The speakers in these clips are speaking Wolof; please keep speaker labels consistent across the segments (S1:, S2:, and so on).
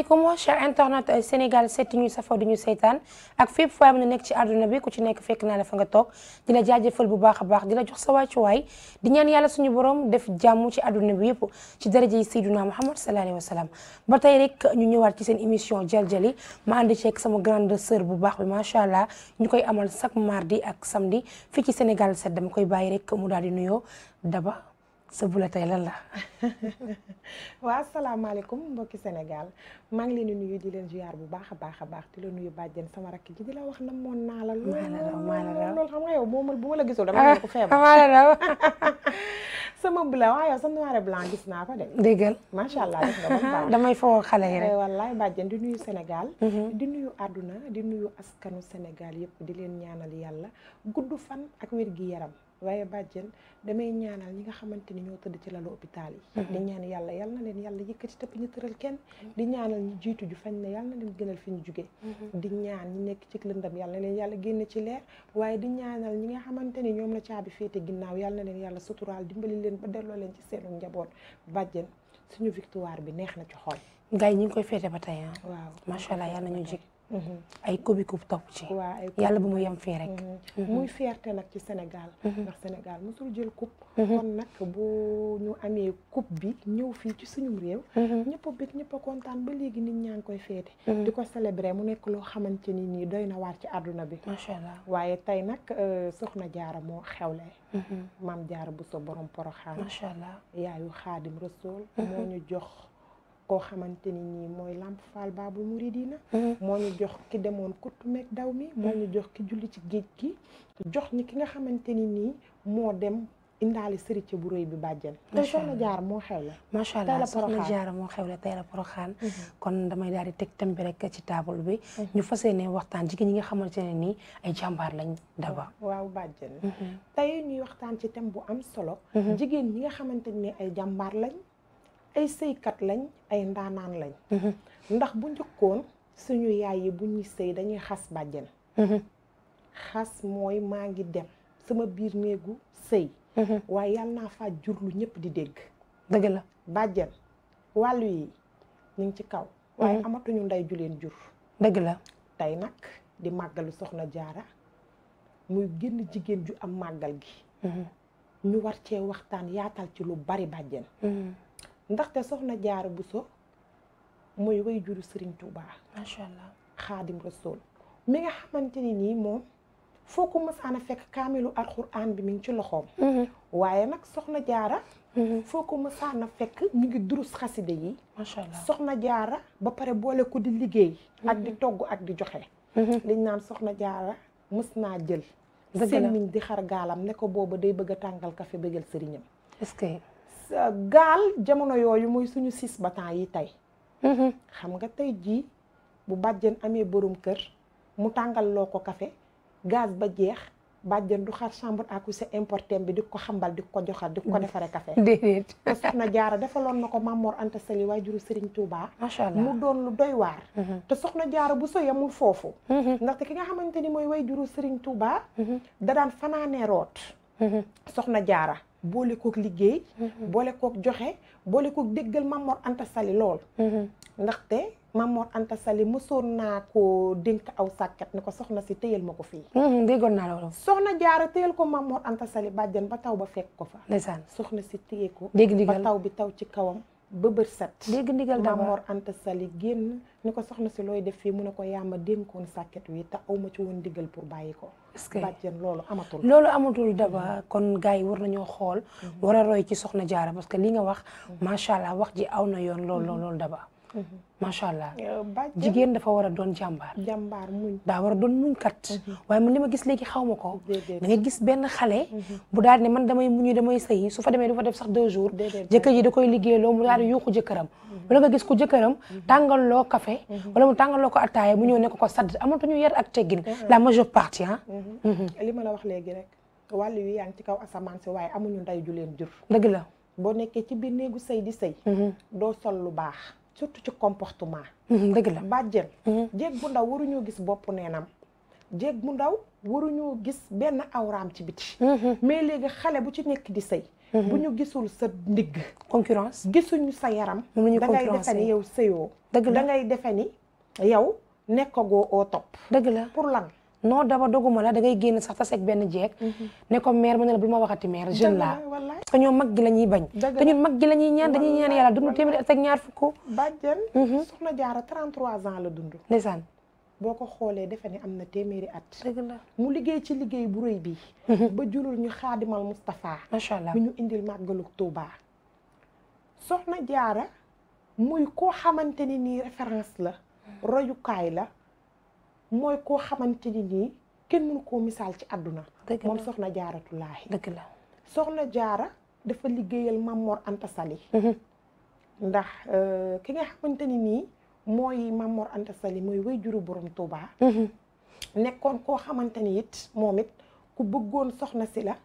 S1: asalaamaaleykum chers internautes Sénégal set seeti ñuy safoo di ñu seytaan ak fépp fooy mën a nekk ci àdduna bi ku ci nekk fekk naa la fa nga toog di la bu baax a baax di la jox sa waay di ñaan yàlla suñu borom def jàmm ci àdduna bi yëpp ci daraja yi Seydina Muhammad sallallahu alayhi wa sallam ba tey rek ñu ñëwaat ci seen émission Jaljali ma ànd ceeg sama grande sœur bu baax bi macha allah ñu koy amal chaque mardi ak samdi fii ci Sénégal set dama koy bàyyi rek mu daal di nuyoo Daba. sa bula tey lan la. waaw asalaamaaleykum mbokki Sénégal maa ngi leen di nuyu di leen ziar bu baax a baax a baax di la nuyu bàjjen sama rakk ji wax na naa la. boo la gisul dama la ko feebar. maa sa noir blanc gis naa ko de. déggal macha allah damay foo xale yi rek. Eh, wallaay bàjjen di nuyu Sénégal. Mm-hmm. di nuyu àdduna di nuyu askanu Sénégal yëpp di leen ñaanal yàlla gudd fan ak wér gi yaram. waaye bàjjen damay ñaanal ñi nga xamante ni ñoo tëdd ci lalu hôpital yi mm-hmm. di ñaan yàlla yal na leen yàlla yëkkati te ñu tëral kenn mm-hmm. di ñaanal jiitu ju fañ ne yal na gënal fi ñu jugee mm-hmm. di ñaan ñi nekk ci lëndam yal leen yàlla génne ci leer waaye di ñaanal ñi nga xamante ni ñoom la caabi féete ginnaaw yàlla na leen yàlla suturaal dimbali leen ba delloo leen ci seenu njaboot bàjjen suñu victoire bi neex na ci xol gars yi ñu ngi koy féete ba tey ah waaw macha allah yal na ñu Mm-hmm. ay comique topp ci. yàlla bu mu yem fii rek. Mm-hmm. Mm-hmm. muy fierté nag ci Sénégal. ndax Sénégal mosul jël coupe. kon nag bu ñu amee coupe bi ñëw fii ci suñu réew. ñëpp a bég ñëpp kontaan ba léegi nit ñaa ngi koy féete. di ko célébrer mu nekk loo xamante ni nii doy na waar ci àdduna bi. macha allah waaye tey nag euh, soxna jaara moo xewle. maam jaara bu so borom poroxaan. macha allah yaayu xaadim rasool moo ñu jox. koo xamante ni nii mooy Lamp Fall Baabul Muridina mm-hmm. moo ñu jox ki demoon kuttu meeg daw mi moo ñu mm-hmm. jox ki julli ci géej gi jox ñi ki nga xamante ni nii moo dem indaale sëriñ bu rëy bi bàjjen tey soxna jaar moo xew la macha allah soxna jaar moo xew la tey la poroxaan mm-hmm. kon damay daal teg thème bi rek ci table bi ñu fas yéene waxtaan jigéen ñi nga xamante ne nii ay jàmbaar lañ daba waaw bàjjen tey ñuy waxtaan ci thème bu am solo jigéen ñi nga xamante ne ay jàmbaar lañ ay sëykat lañ ay ndaanaan lañ mhm. ndax bu njëkkoon suñu yaay yi bu ñuy sëy dañuy xas bàjjen mhm. xas mooy maa ngi dem sama biir néegu sëy mhm. waaye yàlla naa fa jur lu ñëpp di dégg dëgg la bàjjen wàllu yi ñu ngi ci kaw waaye amatuñu ndey ju leen jur dëgg la tey nag di màggalu soxna jaara muy génn jigéen ju am màggal gi ñu war cee waxtaan yaatal ci lu bari bàjjen ndaxte soxna jaara so mooy way juru Serigne Touba. macha allah xaadim rasul mi nga xamante ni nii moom foo ko mësaan a fekk kaamilu alxuraan bi mi ngi ci loxoom. Mhm. waaye nag soxna jaara. Mhm. foo ko mësaan a fekk mu ngi durus xaside yi. macha allah soxna jaara ba pare boole ko di liggéey. ak di mhm. togg ak di joxe. liñ naan soxna jaara mës naa jël. seen miñ di xar gaalam ne ko booba day bëgg tàngal kafe bëggal sëriñam. est gaal jamono yooyu muy suñu six ba temps yi tey mhm. xam nga tey jii bu bàjjen amee borom kër mu tàngal loo ko kafe gaz ba jeex bàjjen du xar chambre à coucher importé bi di ko xambal di ko joxal di ko mm. defaree kafe déedéet te soxna jaara defaloon na ko Mamor Anta Sali waajuru Serigne Touba macha allah mu doon lu doy waar mhm. te soxna jaara bu so yemul foofu mhm. ndaxte ki nga xamante ni mooy waajuru Serigne Touba da daan fanaanee root -hmm. soxna jaara boole kook liggéey mm-hmm. boole kook joxe boole kook déggal Mamor Anta Sali lool mm-hmm. ndaxte Mamor Anta Sali mësoon naa ko dénk aw sàkket ne ko soxna si téyal ma ko fii mm-hmm. déggoon naa loolu soxna jaara téyal ko Mamor Anta Sali bàjjan ba taw ba fekk ko fa ndeysaan soxna si téye ko ba taw bi taw ci kawam ba bët set dégg ndigal dama Mor Anta Sali génn ni ko soxna si looy def fii mun ne ko yaama dénkoon sàkket wi te awma ci woon ndigal pour bàyyi ko bàjjen loolu amatul loolu amatul daba mm-hmm. kon gars yi war ñoo xool mm-hmm. war a roy ci soxna jaara parce que li nga wax mm-hmm. macha allah wax ji aw na yoon lool lool daba macha allah jigéen dafa war a doon jàmbaar. jàmbaar muñ daa war a doon muñ kat. Mhm. waaye man li ma gis léegi xaw ma ko. da gis benn xale. Mhm. bu daal ne man damay muñu damay sëyi su fa demee du fa def sax deux jours. jëkkër ji da koy liggéeyloo mu daal di yuuxu jëkkëram. Mhm. wala nga gis ku jëkkëram tàngal loo café wala mu tàngaloo ko attaaya mu ñoo nekk ko ko sadd amatuñu yar ak teggin. la majeure partie ah. li ma la wax léegi rek wàll wi yaa ci kaw asamaan si waaye amuñu nday ju leen jur. dëgg la boo nekkee ci biir néegu sëy di sëy doo sol lu baax surtout ci comportement. dëgg la bàjjen. jéeg bu ndaw waruñoo gis boppu neenam. jéeg bu ndaw waruñoo gis benn awraam ci biti. mais léegi xale bu ci nekk di sëy. bu ñu gisul sa ndigg. concurrence gisuñu sa yaram. da ngay defe ni yow sëyoo. dëgg la da ngay defe ni yow nekkagoo oo topp. dëgg la non daba doguma la da ngay génn sax taseeg benn jeek mm-hmm. ne ko mère ma ne la bul ma waxati mère jeune la parce ñoo ñoom mag gi la ñuy bañ te ñun mag gi la ñuy ñaan dañuy ñaan yàlla dund téeméeri at ak ñaar fukk bàjjen mm-hmm. soxna jaara 33 ans la dund ndeysaan boo ko xoolee defe ne am na téeméeri at mu liggéey ci liggéey bu rëy bi mm-hmm. ba jurul ñu xaadimal Moustapha macha allah ñu indil màggalu Touba soxna jaara muy koo xamante ni nii référence la royukaay la mooy koo xamante ni nii kenn mënu koo misaal ci àdduna moom soxna jaaratulaahi dëgg la soxna jaara dafa liggéeyal Mamor antasali Sali mhm. ndax euh, ki nga xamante ni nii mooy Mamor Anta Sali mooy way juru borom Touba mhm. nekkoon koo xamante ni it moom it ku bëggoon soxna si la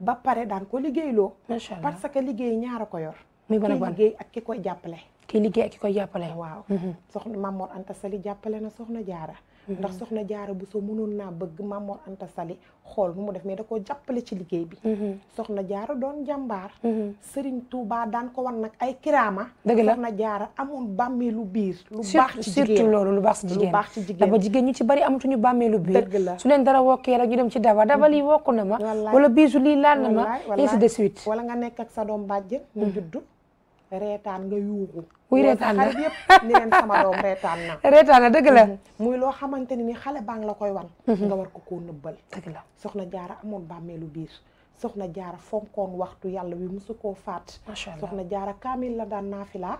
S1: ba pare daan ko liggéeyloo parce que liggéey ñaara ko yor mi ban ban liggéey ak ki koy jàppale ki liggéey ak ki koy jàppale waaw mhm. soxna Mamor Anta Sali jàppale na soxna jaara ndax mhm. soxna jaaro bu so mënoon naa bëgg Mamoor Anta Sali xool nu mu def mais da koo jàppale ci liggéey bi mhm. soxna jaaro doon jàmbaar mhm. Serigne Touba daan ko wan nag ay kiraama dëgg la soxna jaara amoon bàmmeelu biir lu baax ci loolu lu baax ci jigéen lu baax ci jigéen dama ci bari amatuñu bàmmeelu biir dëgg la su leen dara wokkee rek ñu dem ci daba daba lii wokk na ma wala biisu lii laal na ma ainsi de suite wala nga nekk ak sa doom bàjjen mu juddu reetaan nga yuuxu. muy reetaan na reetaan na. reetaan na dëgg la. Mhm. muy loo xamante ni xale baa ngi la koy wan. Mhm. nga war ko koo nëbbal. dëgg la soxna jaara amoon bàmmeelu biir. soxna jaara fonkoon waxtu yàlla wi musu koo faat. macha allah soxna jaara kaamil la daan naafila.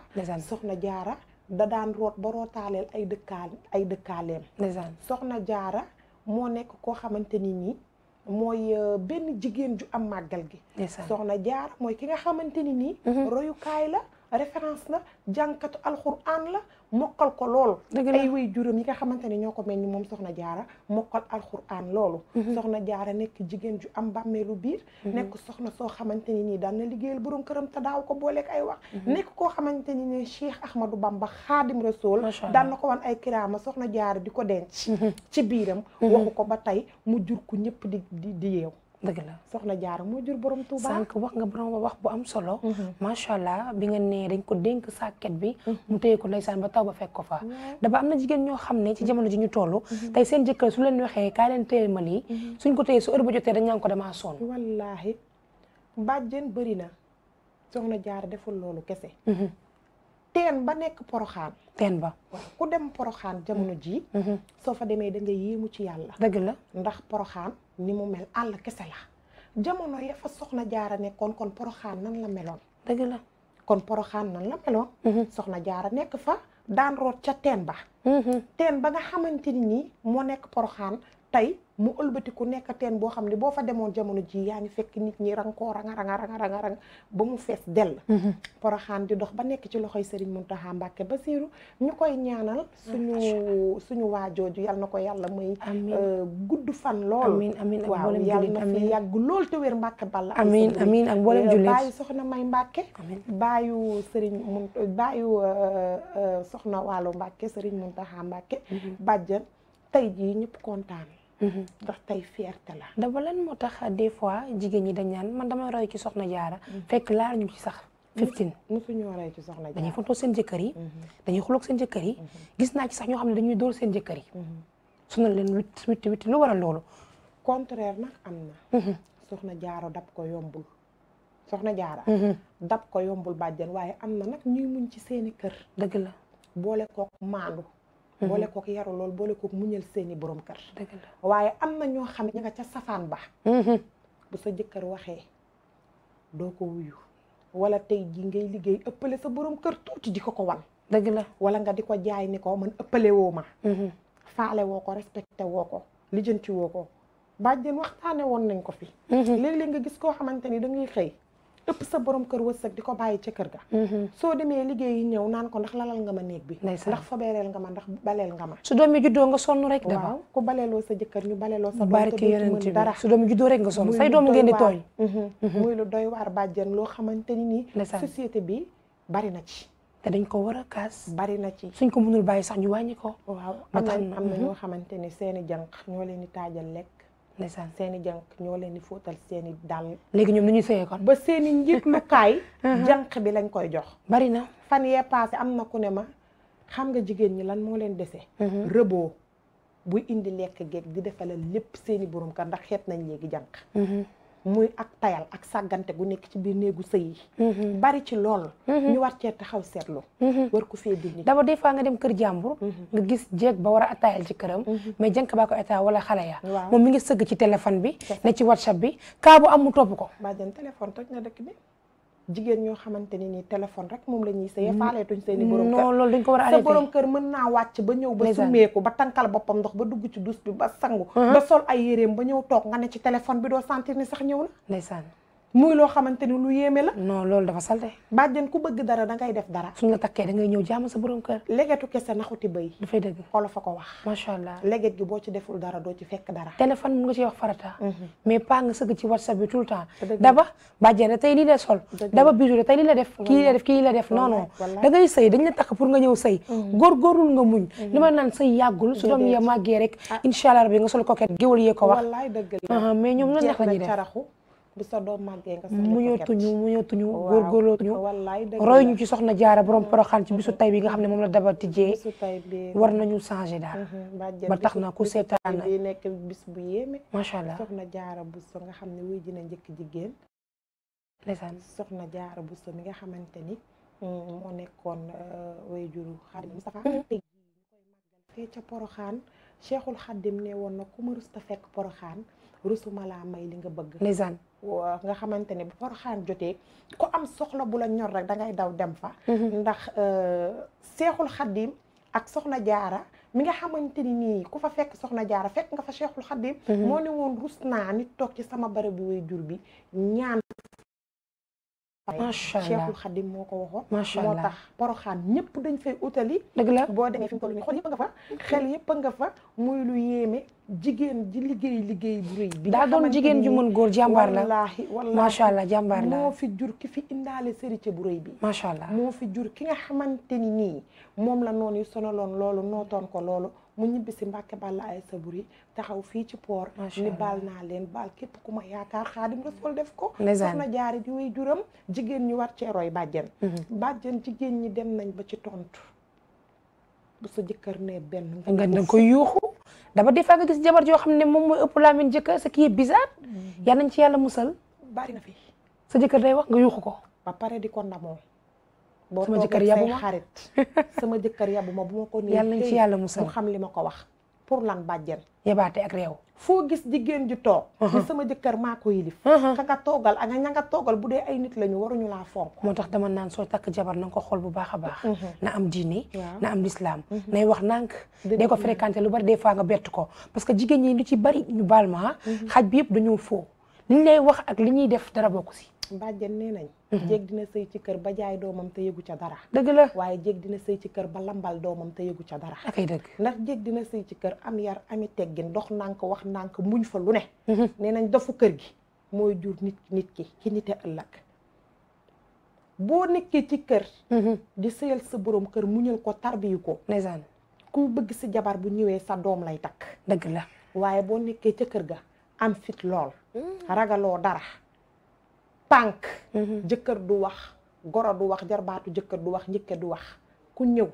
S1: soxna jaara da daan root ba rootaaleel ay dëkkaal ay dëkkaaleem. soxna jaara moo nekk koo xamante ni nii. mooy euh, benn jigéen ju am màggal gi soxna jaar mooy ki nga xamante ni nii mhm. royukaay la référence la jànkatu alxuraan la mokkal ko loolu ay way juróom yi nga xamante ne ñoo ko mel meññ moom soxna jaara mokkal alxuraan loolu mhm. soxna jaara nekk jigéen ju am bàmmeelu biir mhm. nekk soxna soo xamante ni nii daan na liggéeyal borom këram te daaw ko booleeg ay wax mhm. nekk koo xamante ni ne Cheikh Ahmadou Bamba Xaadim Rasool daan na ko wan ay kiraama soxna jaara di ko denc ci biiram waxu ko ba tey mu jur ku ñëpp di di di yeew dëgg la soxna moo jur borom Touba. sànq wax nga borom wax bu am solo. Mm-hmm. macha allah bi nga nee dañ ko dénk sàkket bi. Mm-hmm. mu téye ko ndeysaan ba taw ba fekk ko fa. Mm-hmm. daba am na jigéen ñoo xam ne ci jamono ji ñu toll. tey seen jëkkër su leen waxee kaay leen téye ma lii. suñ ko téye su heure ba jotee dañ ñaan ko damaa sonn. wallaahi bàjjen bëri na soxna jaara deful loolu kese. teen ba nekk poroxaan teen ba waaw ku dem poroxaan jamono jii mhm. soo fa demee da nga yéemu ci yàlla dëgg la ndax poroxaan ni mu mel àll kese la jamono ya fa soxna a nekkoon kon poroxaan nan la meloon dëgg la kon poroxaan nan la meloon mhm. soxna a nekk fa daan root ca teen ba mhm. teen ba nga xamante ni moo nekk poroxaan tey mu ëlbatiku nekk teen boo xam ne boo fa demoon jamono ji yaa ngi fekk nit ñi rankoo ranga ranga ranga ranga ranga ba mu fees dell mm-hmm. poroxaan di dox ba nekk ci loxoy sëriñ Muntaxa Mbàkke Basiiru ñu koy ñaanal suñu ah, suñu waajooju yal na ko yàlla muy euh, gudd fan lool amiin amiin waaw yàlla na fi yàgg lool te wér Mbàkke Balla amiin amiin ak mboolem euh, jullit baayu soxna May Mbàkke baayu sëriñ mun baayu euh, soxna Waalo Mbàkke sëriñ Muntaxa Mbàkke mm-hmm. bàjjan tey jii ñëpp kontaan Mhm. ndax tey fierté la. dama lan moo tax des fois jigéen ñi dañ naan man dama roy ci soxna jaara. Mhm. fekk laal ñu ci sax. fifteen mosuñoo roy ci soxna jaara dañuy seen jëkkër yi. Mhm. dañuy xuloog seen jëkkër yi. gis naa ci sax ñoo xam ne dañuy dóor seen jëkkër yi. sunal leen witt witt witt lu waral loolu. contraire nag am na. soxna jaaro dab ko yombul. soxna jaara. dab ko yombul bàjjen waaye am na nag ñuy muñ ci seeni kër. dëgg la boole kook maandu. boole mhm. kook yaru lool boole kook muñal seeni borom kër waaye am na ñoo xam ne ña nga ca safaan ba mhm. bu sa jëkkër waxee doo ko wuyu wala tey jii ngay liggéey ëppale sa borom kër tuuti di ko ko wan dëgg la wala nga di ko jaay ni ko man ëppale woo ma mhm. faale woo ko respecté ko lijjanti woo ko bàjjen waxtaane woon nañ ko fi léeg-léeg nga gis koo xamante ni da xëy ëpp sa borom kër wërsëg di ko bàyyi ca kër ga mhm. soo demee liggéeyi ñëw naan ko ndax lalal nga ma néeg bi ndax fabeereel nga ma ndax baleel nga ma su doom yi juddoo nga sonn rek dama ku baleeloo sa jëkkër ñu baleeloo sa barke yonent bi dara su doom yi juddoo rek nga sonn say doom ngeen di tooñ mhm, mhm. muy lu doy waar bàjjen loo xamante ni nii société bi bari na ci dañ ko war a kaas bari na ci suñ ko mënul bàyyi sax ñu wàññi ko waaw am na am na ñoo xamante ni seeni jànq ñoo leen di taajal lekk ndeysaan seen i jànq ñoo leen di fóotal seeni i léegi ñoom nu ñuy sëyee kon. ba seen i njiitlukaay. Uh-huh. jànq bi lañ koy jox. bari na fan yee paase am na ku ne ma xam nga jigéen ñi lan moo leen dese. Uh-huh. rëboo buy indi lekk geeg di defalal lépp seen i borom kër ndax xeet nañ léegi jànq. Uh-huh. muy ak tayal ak sàggante gu nekk ci biir néegu sëy yi mhm. bari ci lool mhm. ñu war cee taxaw seetlu mhm. war ko fee dindi d'abord des fois nga dem kër jàmbur nga gis jeeg ba war a atayal ci këram mais jënk baa ko état wala xale ya moom mi ngi sëgg ci téléphone bi ne ci whatsapp bi kaa bu am ko baa téléphone toj na dëkk bi jigéen ñoo xamante ne ni téléphone rek moom la ñuy sëyee mm. faaleetuñ seeni ni kër non loolu dañ ko war a sa borom kër mën naa wàcc ba ñëw ba sumeeku ba tankal boppam ndox ba dugg ci douche bi ba sangu uh-huh. ba sol ay yéreem ba ñëw toog nga ne ci téléphone bi doo sentir ni sax ñëw na ndeysaan muy loo xamante ni lu yéeme la. non loolu dafa salte. bàjjen ku bëgg dara dangay def dara. suñ la takkee da ngay ñëw jaamu sa borom kër. legetu kese naxuti béy. dafay dëgg olof a ko wax. macha allah leget gi boo ci deful dara doo ci fekk dara. téléphone mu nga ciy wax farata. Mhm. mais pas nga sëgg ci whatsapp bi tout le temps. daba bàjjen da tey lii la sol. daba bisu da tey lii la def. kii la def kii la def non non. da ngay sëy dañ la takk pour nga ñëw sëy. Mhm. góorgóorlu nga muñ. Mhm. li ma naan sëy yàggul su doom ya màggee rek. Ah. incha allah rabi nga sol koket géwal yee ko wax. wallaay dëgg mais ñoom la neex la ñuy bu sa doom màggee nga muñatuñu muñatuñu góorgóorlootuñu roy ñu ci soxna jaara borom poroxaan ci bisu tay bi nga xam ne moom la daba tijjee war nañu changé daal mhm. ba tax na ku seetaan bi nekk bis bu yéeme macha allah soxna jaara bu so nga xam ne wuy dina njëkk jigéen ndeysaan soxna jaara bu so mi nga xamante ni mm, moo nekkoon way juru xarit Moustapha tëg fee ca poroxaan cheikhul xaddim ne woon na ku rus ta fekk poroxaan rusuma laa may li nga bëgg ndeysaan Euh, nga xamante ne bu poroxaan jotee ku am soxla bu la ñor rek da ngay daw dem fa mm-hmm. ndax euh, seexul xaddim ak soxna jaara mi nga xamante ni nii ku fa fekk soxna jaara fekk nga fa seexul xaddim mm-hmm. moo ne woon rus naa nit toog ci sama bërëb way jur bi ñaan macha allah Cheikhul Khadim moo ko waxoon. macha allah moo ñëpp dañ fay utali. dëgg la boo demee fi mu toll nii yëpp nga fa. xel yëpp nga fa muy lu yéeme jigéen ji liggéey liggéey bu bi. daa doon jigéen ju mën góor jàmbaar la wallaahi wallaahi macha allah jàmbaar la moo fi jur ki fi indaale sérité bu rëy bi. macha allah moo fi jur ki nga xamante ni nii moom la noonu sonaloon loolu nootoon ko loolu. mu ñibbi si Mbàkke Balla ay sabur yi taxaw fii ci port ni baal naa leen baal képp ku ma yaakaar Xaadim Rasuul def ko soxna jaare di way juram jigéen ñi war cee roy bàjjen mhm. bàjjen jigéen ñi dem nañ ba ci tontu bu sa jëkkër ne benn nga da koy yuuxu dama des fois nga gis jabar yoo xam ne moom mooy ëpp laamin jëkkër sa kii est bizarre mhm. yal nañ ci yàlla musal bari na fi sa jëkkër day wax nga yuuxu ko ba pare di ko ndamoo boo sama jëkkër yabu ma xarit sama jëkkër yabu ma bu ma ko nee yàlla nañ ci yàlla musal mu xam li ma ko wax pour lan bàjjen yebaate ak réew foo gis jigéen ju toog ni uh-huh. sama jëkkër maa ko yilif uh-huh. ka nga bu dee ay nit lañu waruñu laa fonk moo tax dama naan soo takk jabar na ko xool bu baax a baax uh-huh. na am diine na am lislaam nay wax nànk day ko fréquenté lu bari des fois nga bett ko parce que jigéen ñi lu ci bari ñu baal ma xaj bi yëpp dañoo foo liñ lay wax ak li ñuy def dara bokku si bàjjen nee nañ mhm. jéeg dina sëy ci kër ba jaay doomam te yëgu ca dara dëgg la waaye jéeg dina sëy ci kër ba lambal doomam te yëgu ca dara akay ndax jéeg dina ci kër am yar ami teggin dox nànk wax nànk muñ fa lu ne mhm. nee nañ dafu kër gi mooy jur nit nit ki ki nite ëllëg boo nekkee ci kër mhm. di sëyal sa borom kër muñal ko tarbiyu ko ndeysaan ku bëgg si jabar bu ñëwee sa doom lay takk dëgg la waaye boo nekkee ca kër ga am fit lool mm. ragaloo dara tànk mm-hmm. jëkkër du wax goro du wax jarbaatu jëkkër du wax njëkke du wax ku ñëw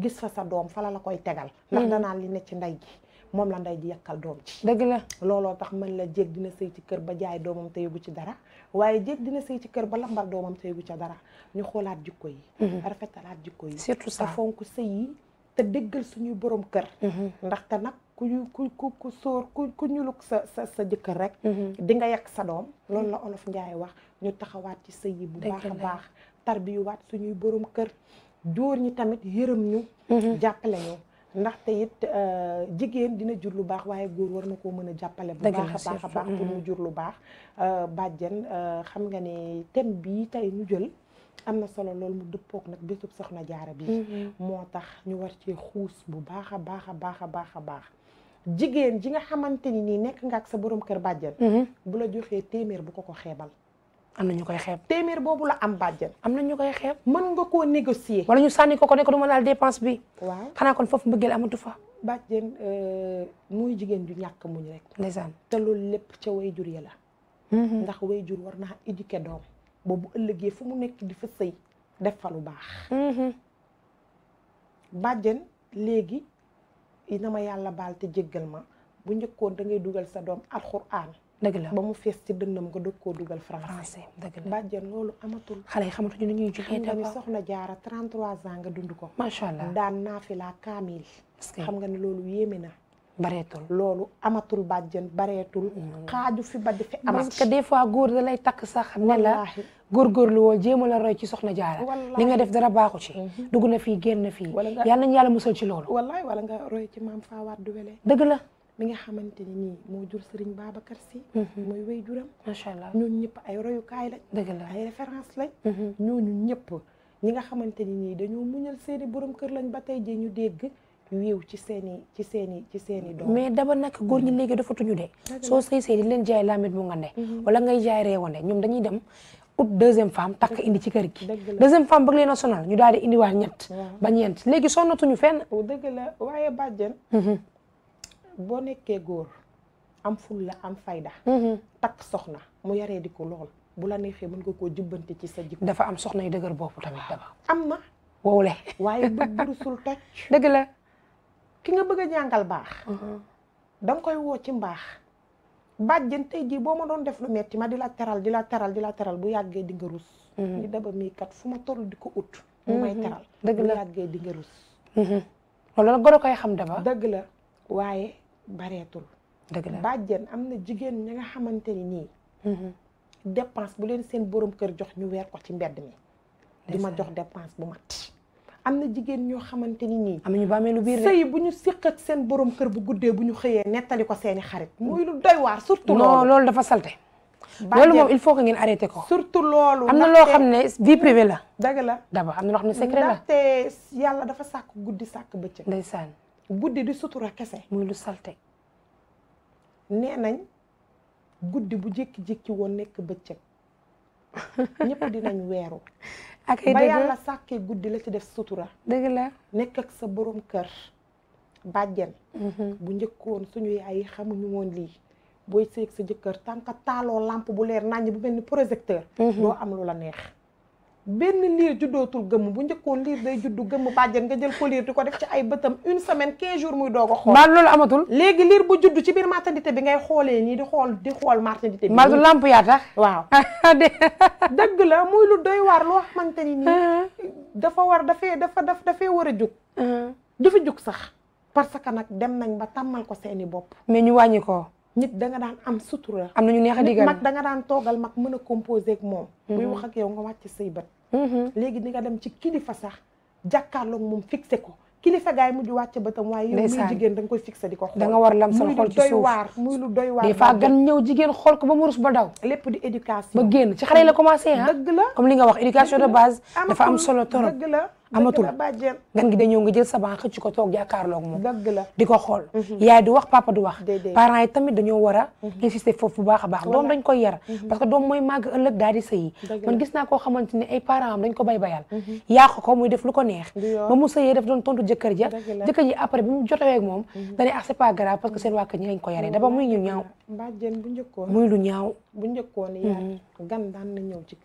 S1: gis fa sa doom fala la koy tegal ndax mm-hmm. danaa li ne ci ndey ji moom la ndey ji yàkkal doom ci dëgg looloo tax man la jéeg dina sëy ci kër ba jaay doomam te yëgu ci dara waaye jéeg dina sëy ci kër ba lambar doomam te yëgu ci dara ñu xoolaat jikko yi mm-hmm. rafetalaat jikko yi surtout sa fonk sëy yi te déggal suñuy borom kër ndaxte nag ku ku ku ku sóor ku ku ñuluk sa sa sa jëkkër rek mhm. di nga yàq sa doom loolu la olof njaay wax ñu taxawaat ci sëy yi bu baax a baax tarbiyuwaat suñuy borom kër jóor ñi tamit yërëm ñu mhm. jàppale ñu ndaxte it euh, jigéen dina jur lu baax waaye góor war na koo mën a jàppale bu baax a baax a baax pour mu mhm. jur lu baax euh, bàjjen euh, xam nga ne thème bii tey ñu jël am na solo loolu mu dëppook nag bésub soxna jaara bi moo tax ñu war ci xuus bu baax a baax a baax a baax a baax jigéen ji nga xamante ni nii nekk nga ak sa borom kër bàjjen mm-hmm. bu la joxee téeméer bu ko ko xeebal am na ñu koy xeeb téeméer boobu la am bàjjen am na ñu koy xeeb mën nga koo négocier wala ñu sànni ko ko nekk du ma laal dépense bi waaw xanaa kon foofu mbëggeel amatu fa bàjjen euh, muy jigéen ju ñàkk muñ rek ndeysaan te loolu lépp ca way jur ya la mm-hmm. ndax way jur war naa éduquer doom boobu ëllëgee fu mu nekk di fa sëy def fa lu baax mm-hmm. bàjjen léegi na ma yàlla baal te jéggal ma bu njëkkoon da ngay dugal sa doom alxuraan dëgg la ba mu fees ci dënnam nga dëg koo dugal français dëgg la bàjjen loolu amatul xale yi xamatuñu nu ñuy jugee nga ni soxna jaara 33 ans nga dund ko macha allah daan naafila kaamil xam nga ne loolu yéeme na bareetul loolu amatul jën bareetul. Mm. xaaju fi ba di fi amat parce que des fois góor da lay takk sax ne la góorgóorlu woo jéem a la roy ci soxna jaara li nga def dara baaxu ci. Mm-hmm. dugg na fii génn fii. yal nañu yàlla musal ci loolu. wallaay wala nga roy ci maam Faawaat du wele. dëgg la. mi nga xamante ni nii moo jur Serigne Babacar Sy. Mm-hmm. mooy way juram. macha allah ñooñu ñëpp ay royukaay lañ. dëgg la ay référence lañ. Mm-hmm. ñooñu ñëpp ñi nga xamante ni nii dañoo muñal seeni borom kër lañ ba tey jii ñu dégg. wiiw ci seen i ci seen i ci i doom mais daba nag góor ñi mm. léegi dafa tuñu de soo sëy sëy di leen jaay laamit mu nga ne mm-hmm. wala ngay jaay reewande ñoom dañuy dem ut deuxième femme takk indi ci kër gi deuxième femme bëgg leen a sonal ñu daal di indiwaat ñett fenn oh, dëgg la waaye bàjjen mm-hmm. boo nekkee góor am ful la am fayda mm-hmm. takk soxna mu yaree di lool bu la neexee mën nga koo jubbante ci sa jikko am soxna yu dëgër boobu daba am na waaye bëgg burusul toj ki nga bëgg a jàngal baax. Uh-huh. da koy woo ci mbaax. bàjjen tey jii boo ma doon def lu metti ma di la teral di la teral di la teral bu yàggee di nga rus. Uh-huh. ni daba mii kat fu ma toll di ko ut. mu uh-huh. may teral dëgg la di nga rus. koy xam daba. dëgg la waaye bareetul. dëgg bàjjen am na jigéen ñi nga xamante ni nii. dépense bu leen seen borom kër jox ñu weer ko ci mbedd mi. di ma jox dépense bu mat. am na jigéen ñoo xamante ni nii am nañu bàmmeelu biir sëy bu ñu siq ak seen borom kër bu guddee bu ñu xëyee nettali ko seeni xarit muy lu doy waar surtout non loolu dafa salte loolu moom il faut que ngeen arrêté ko surtout loolu am na loo xam ne vie privée la dëgg la am na loo xam ne secret la ndaxte yàlla dafa sàkk guddi sàkk bëccëg ndeysaan guddi di sutura kese muy lu salte nee nañ guddi bu jékki-jékki woon nekk bëccëg ñëpp dinañ weeru ak ay dëgg ba yàlla sàkkee guddi la ci def sutura. dëgg la nekk ak sa borom kër bàjjen. Mhm. bu njëkkoon suñu yaay xamuñu woon lii. booy seeg sa jëkkër tant que taaloo lampe bu leer naññ bu mel ni projecteur. Mhm. doo am lu la neex. benn liir juddootul gëmm bu njëkkoon liir day juddu gëmm bàjjen nga jël ko liir di ko def ci ay bëtam une semaine 15 jours muy doog a xool mbaa loolu amatul léegi liir bu juddu ci biir maternité bi ngay xoolee nii di xool di xool maternité bi mbaa du lamp yaa tax waaw dëgg la muy lu doy waar loo xamante ni nii uh-huh. dafa war dafee dafa daf dafee war a jug uh-huh. du fi jug sax parce que nag dem nañ ba tàmmal ko seeni bopp mais ñu wàññi ko nit da nga daan am sutura am na ñu neex a digal mag da nga daan toogal mag mën a composé ak moom buy uh-huh. wax ak yow nga wàcc say bët Mm-hmm. léegi di nga dem ci kilifa sax jàkkaarloog moom fixé ko kilifa gaay mujj wàcce bëtam waaye yow muy jigéen da nga koy fixé ko xool da nga war lam sa xool ci suuf muy doy waar muy lu doy waar des gan ñëw jigéen xool ko ba mu rus ba daw lépp di éducation ba génn ci xale la commencé ah dëgg la comme li nga wax éducation de base dafa am solo trop la amatul gan gi day ñëw nga jël sa banque ci ko toog jàkkaarloog moom dëgg la di ko xool mhm. yaay du wax papa du wax parents yi tamit dañoo war a mhm. insister foofu bu baax baax doom dañ koy yar mhm. parce que doom mooy màgg ëllëg daal di sëyi man gis naa koo xamante ne ay parents am dañ ko bay bayal yàq ko muy def lu ko neex ba mu sëyee daf doon tontu jëkkër ja jëkkër ji après bi mu joteweeg moom dane ah c'est pas grave parce que seen waa kër ñi lañ ko yaree dafa muy ñu ñaaw muy lu ñaaw bu njëkkoon yaar gan daan ñëw ci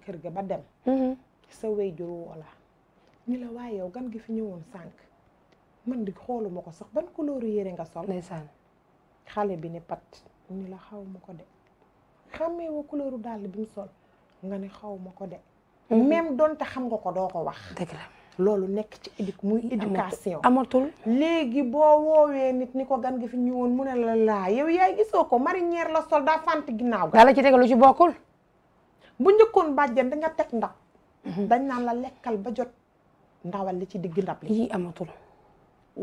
S1: kër ga ba dem sa wéyjur woo la ñu la waaye yow gan gi fi ñëwoon sànq man di xooluma ko sax ban couleur yére nga sol ndeysaan xale bi ni pat ñu la xaw ma ko de xàmmee wa couleuru dàll bi mu sol nga ne xaw ma ko de mm-hmm. même donte xam nga ko doo ko wax dëgg loolu nekk ci édu muy éducation amatul léegi boo woowee nit ni ko gan gi fi ñëwoon mu ne la laa yow yaay gisoo ko mari marinière la sol daa fànt ginnaaw ga daala ci teg lu ci bokkul bu njëkkoon bàjjan da nga teg ndax Mhm. dañ naan la lekkal ba jot ndawal li ci digg ndab li yii amatul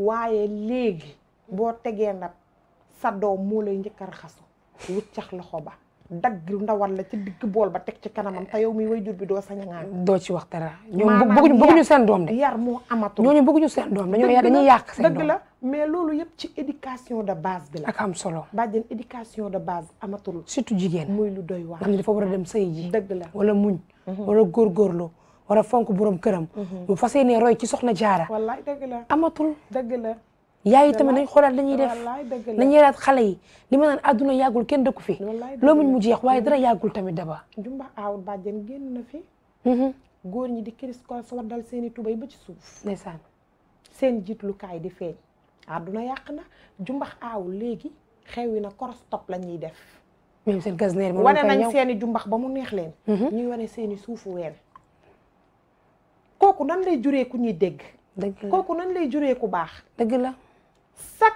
S1: waaye léegi boo tegee ndab sa doom moo lay njëkk a raxasu wuccax loxo ba dagg ndawal la ci digg bool ba teg ci kanamam te yow mi wayjur bi doo sañangaan doo ci wax dara ñoom bëgguñu bëgguñu seen doom de yar moo amatul ñooñu bëgguñu seen doom dañoo yar dañuy yàq seen doom dëgg la mais loolu yëpp ci éducation de base bi la ak am solo bàjjen éducation de base amatul surtout jigéen muy lu doy waar xam ne dafa war a dem sëy ji dëgg la wala muñ mhm. wala góorgóorlu wala fonk borom këram mhm. mu fas yéene roy ci soxna jaara wallaay dëgg la amatul dëgg la yaay yi tamit nañ xoolaat lañuy def nañ yaraat xale yi li ma naan àdduna yàggul kenn dëkku fi loo muñ mu jeex waaye dara yàggul tamit daba jumba aawul bàjjen génn na fi mhm. góor ñi di kiris ko war dal seen i ba ci suuf ndeysaan seen jiitlukaay di feeñ àdduna yàq na jumbax aawul léegi xew yi na la ñuy def même seen gazinière wane nañ seen jumbax ba mu neex leen mhm. ñuy wane seen i suufu ween kooku nan lay juree ku ñuy dégg kooku nan lay juree ku baax dëgg la chaque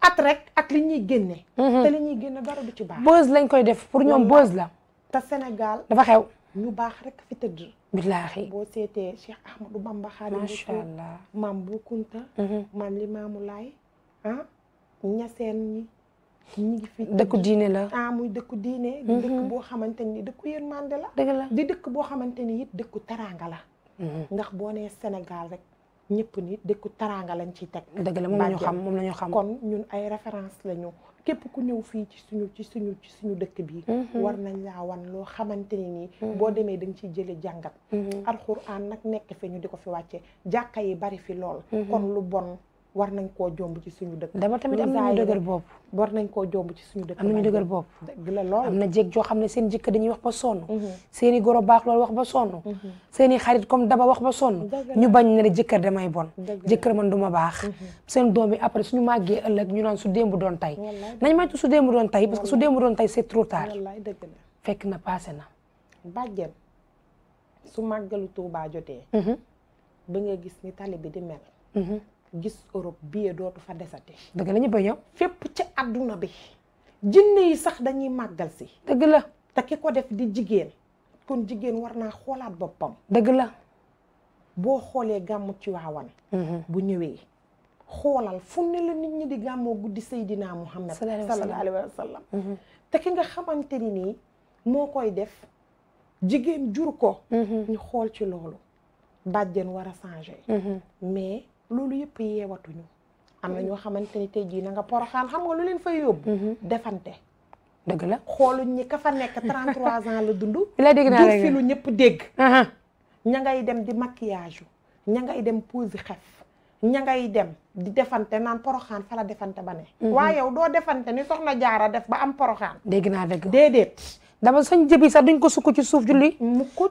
S1: at rek at li ñuy génne. Mhm. te li ñuy génne dara du ci baax. buzz lañ koy def pour ñoom buzz la. te Sénégal dafa xew. ñu baax rek fi tëdd. billaahi boo seetee Cheikh Ahmadou Bamba. macha allah maam bu Kunta. li mhm. maamu laay ah ñaseen ñi. ñu ngi fi dëkku diine la. ah muy dëkku diine. di mhm. dëkk boo xamante ni dëkku yërmande la. dëgg la di dëkk boo xamante ni it dëkku teraanga la. ndax boo nee Sénégal rek. ñëpp ni dëkku taraanga lañ ciy teg. dëgg la moom la xam moom la ñu xam. kon ñun ay référence la ñu képp ku ñëw fii ci suñu ci suñu suñu dëkk bi. Mhm. war nañ laa wan loo xamante ni nii. Mhm. boo demee da nga ciy jëlee jàngat. Mhm. alxuraan nag nekk fi ñu di ko fi wàcce jàkka yi bari fi lool. kon lu bon. war nañ koo jomb ci suñu dëkk. dama tamit am na ñu dëgër bopp. war nañ koo jomb ci suñu dëkk. am na ñu dëgër bopp. dëgg la lool am na jéeg joo xam ne seen jëkk dañuy wax ba sonn. Mhm. seeni goro baax loolu wax ba sonn. Mhm. seen i xarit comme daba wax ba sonn. ñu bañ ne jëkkër damay bon. jëkkër man du ma baax. Mhm. seen doom yi après ñu màggee ëllëg ñu naan su dem démb doon tey. nañ maytu su démb doon tey parce que su démb doon tey c'est trop tard. fekk na paase na. bàjjen su màggalu Tuubaa jotee. ba nga gis ni tali bi di gis Europe billet dootu fa desati. dëgg la ñu ñëw. fépp ci adduna bi. jinne yi sax dañuy màggal si. dëgg la te ki ko def di jigéen. kon jigéen war naa xoolaat boppam. dëgg la. boo xoolee gàmmu ci waawan mhm. bu ñëwee. xoolal fu ne la nit ñi di gàmmoo guddi Seydina Muhammad. sallallahu alayhi wa sallam mhm. te ki nga xamante ni nii moo koy def. jigéen jur ko. Mhm. ñu xool ci loolu. bàjjen war a changé. mais. loolu yëpp yeewatuñu am na mm-hmm. ñoo xamante ni tey jii na nga poroxaan xam nga lu leen fay yóbbu mm-hmm. defante dëgg la xooluñ ñi ka fa nekk 33 ans la dund la dégg naa rek fi ñëpp dégg uh-huh. ña ngay dem di maquillage yu ña ngay dem pose xef ña ngay dem di defante naan poroxaan fa la defante ba ne mm-hmm. waaye yow doo defante ni soxna jaara def ba am poroxaan dégg naa dëgg dama sañ jëbi sax duñ ko sukk ci suuf julli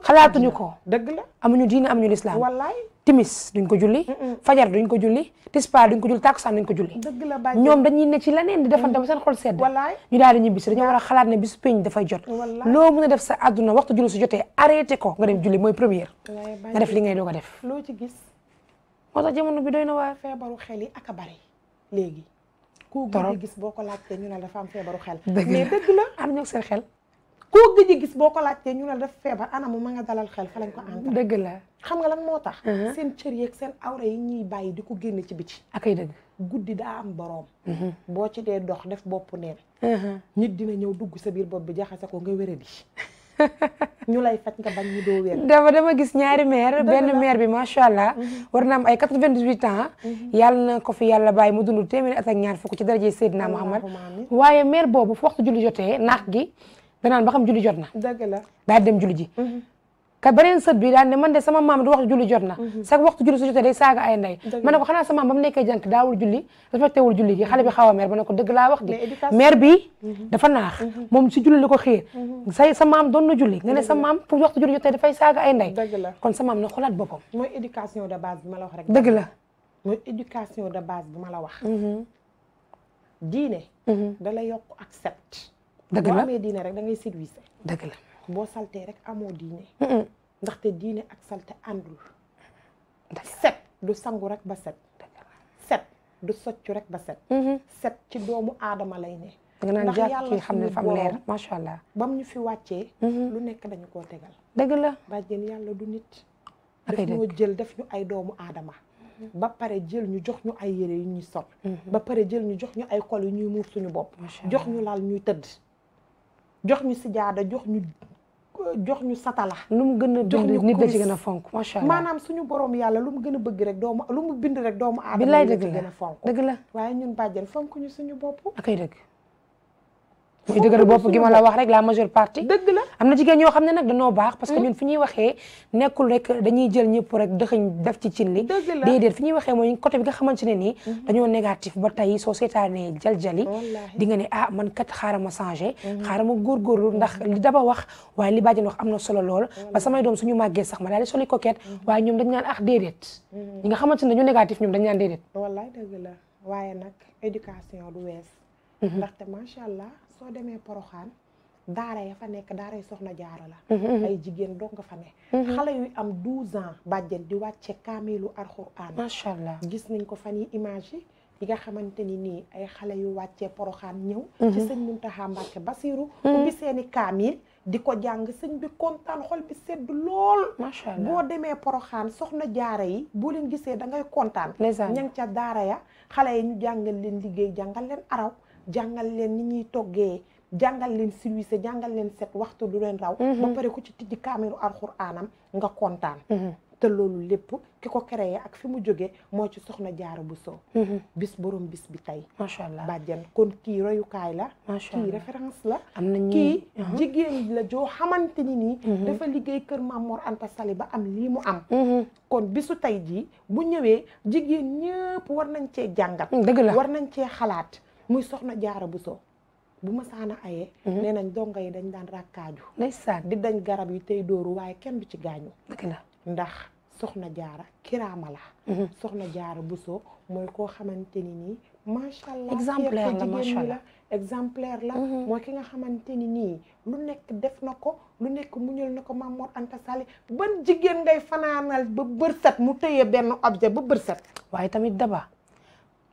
S1: xalaatuñu ko dëgg la amuñu diine amuñu lislaam wallaay timis duñ ko julli fajar duñ ko julli tispaar duñ ko julli takusaan duñ ko julli dëgg la bàyyi ñoom dañuy ne ci leneen di defante mm. ba seen xol sedd wallaay ñu daal di ñibbi si dañoo war a xalaat ne bis peñ dafay jot loo mën a def sa àdduna waxtu julli su jotee arrêté ko nga dem julli mooy première nga def li ngay doog a def loo ci gis moo tax jamono bi doy na waar feebaru xel yi ak a bari léegi ku gis boo ko laajte ñu ne dafa am feebaru xel mais dëgg la am ñoo seen xel koo gëj a gis boo ko laajtee ñu ne def feebar anamu ma nga dalal xel fa lañ ko ànd dëgg la xam nga lan moo tax uh-huh. seen cër yeeg seen awra yi ñuy bàyyi di ko génne ci biti akay dëgg guddi daa am boroom uh-huh. boo ci dee dox def bopp neen uh-huh. nit dina ñëw dugg sa biir bopp bi jaxase ko nga wéradi ñu lay faj nga bañ ñu doo wér dama dama gis ñaari maire benn maire bi macha allah war na am ay quatre-vingt-huit ans yàlla na ko fi yàlla bàyyi mu dund téeméeri at ak ñaar fukk ci daraje Seydina Muhammad waaye maire boobu fu waxtu julli jotee naax gi danaan ba xam julli jot na. dëgg la daal dem julli ji. Mhm. ka beneen sët bi daan ne man de sama maam du waxtu julli jot na sa mhm. waxtu julli su jotee day saaga ay ndey ma ne ko xanaa sama maam ba julli respecté wul julli yi a mer ko dëgg laa wax di mer mhm. dafa naax moom si julli li ko xiir say sa maam doon na julli nga ne sa maam pour waxtu julli jotee dafay saaga ay ndey dëgg la kon sa maam na xolaat boppam de base bi ma la wax rek dëgg la mooy de base bi ma la wax diine da la yokk accept dëgg boo amee diine rek da ngay séduire. boo saltee rek amoo diine. ndaxte diine ak salte àndul. set du sangu rek ba set. set du soccu rek ba set. Mm-hmm. set ci doomu aadama lay ne. da nga naan jàpp ci xam ne fam leer macha allah. bam ñu fi wàccee. Mm-hmm. lu nekk dañu koo tegal. dëgg la bàjjen yàlla du nit. daf ñoo jël def ñu ay doomu aadama. Mm-hmm. ba pare jël ñu jox ñu ay yëre yu ñuy sol. ba pare jël ñu jox ñu ay kol yu ñuy muur suñu bopp. jox ñu laal ñuy tëdd. jox ñu sijaada jox ñu jox ñu satala lu mu gën a bind nit da ci gën a fonk macha allah suñu borom yàlla lu mu gën a bëgg rek doomu lu mu bind rek doomu aadama bi dëgg la gën a fonk dëgg la waaye ñun bàjjen fonk ñu suñu bopp akay dëgg muy dëgër bopp gi ma la wax rek la majeure partie. am na jigéen ñoo xam ne nag dañoo baax. parce que mm-hmm. ñun fi ñuy waxee nekkul rek dañuy jël ñëpp rek dëxëñ def ci cin li. déedéet fi ñuy waxee mooy côté bi nga xamante ne nii. Mm-hmm. dañoo négatif ba tey soo seetaanee jal-jali. di nga ne ah man kat xaaral ma changé. Mm-hmm. xaaral ma góorgóorlu ndax li daba wax waaye li bàjjen wax am na solo lool. ba samay suñu màggee sax ma daal di soli coquette waaye ñoom dañu naan ah déedéet. ñi nga xamante ne dañoo négatif ñoom dañu naan déedéet. wallaay la waaye nag éducation du wees. ndaxte macha allah soo demee Poroxaan daara ya fa nekk daara yu soxna jaara la mhm, mhm. ay jigéen dong nga fa ne mhm. xale yu am douze ans bàjjen di wàcce kaamilu alxuraan macha allah gis nañ ko fan yi image yi nga xamante ni nii ay xale yu wàccee poroxaan ñëw ci sëñ Muntaxa Mbàkke Basiru ubbi seeni kaamil di ko jàng sëñ bi kontaan xol bi sedd lool macha allah boo demee poroxaan soxna jaara yi boo leen gisee dangay ngay kontaan ña ngi ca daara ya xale yi ñu jàngal leen liggéey jàngal leen araw jàngal leen ni ñuy toggee jàngal leen service jàngal leen set waxtu du leen raw mhm. ba pare ku ci tijji kaamilu alxuraanam nga kontaan mhm. te loolu lépp ki ko créé ak fi mu jógee moo ci soxna jaaro bu sow mhm. bis borom bis bi tey macha allah bàjjen kon kii royukaay la kii référence la am na kii jigéen la joo xamante ni nii dafa liggéey kër Mamor Anta Sali ba am lii mu am kon bisu tey jii bu ñëwee jigéen ñëpp war nañ cee jàngat dëgg war nañ cee xalaat muy soxna jaara bu so bu ma saana ayee mhm. nee nañ donga yi dañ daan rakkaaju ndeysaan di dañ garab yi tey dóoru waaye kenn du ci gaañu ndax soxna jaara kiraama la mhm. soxna jaara bu so mooy koo xamante ni nii macha allah exemplaire la macha allah exemplaire la mhm. mooy ki nga xamante ni nii lu nekk def na ko lu nekk muñal na ko Maam Mor Anta Sali ban jigéen ngay fanaanal ba bërsat mu tëye benn objet ba bërsat waaye tamit daba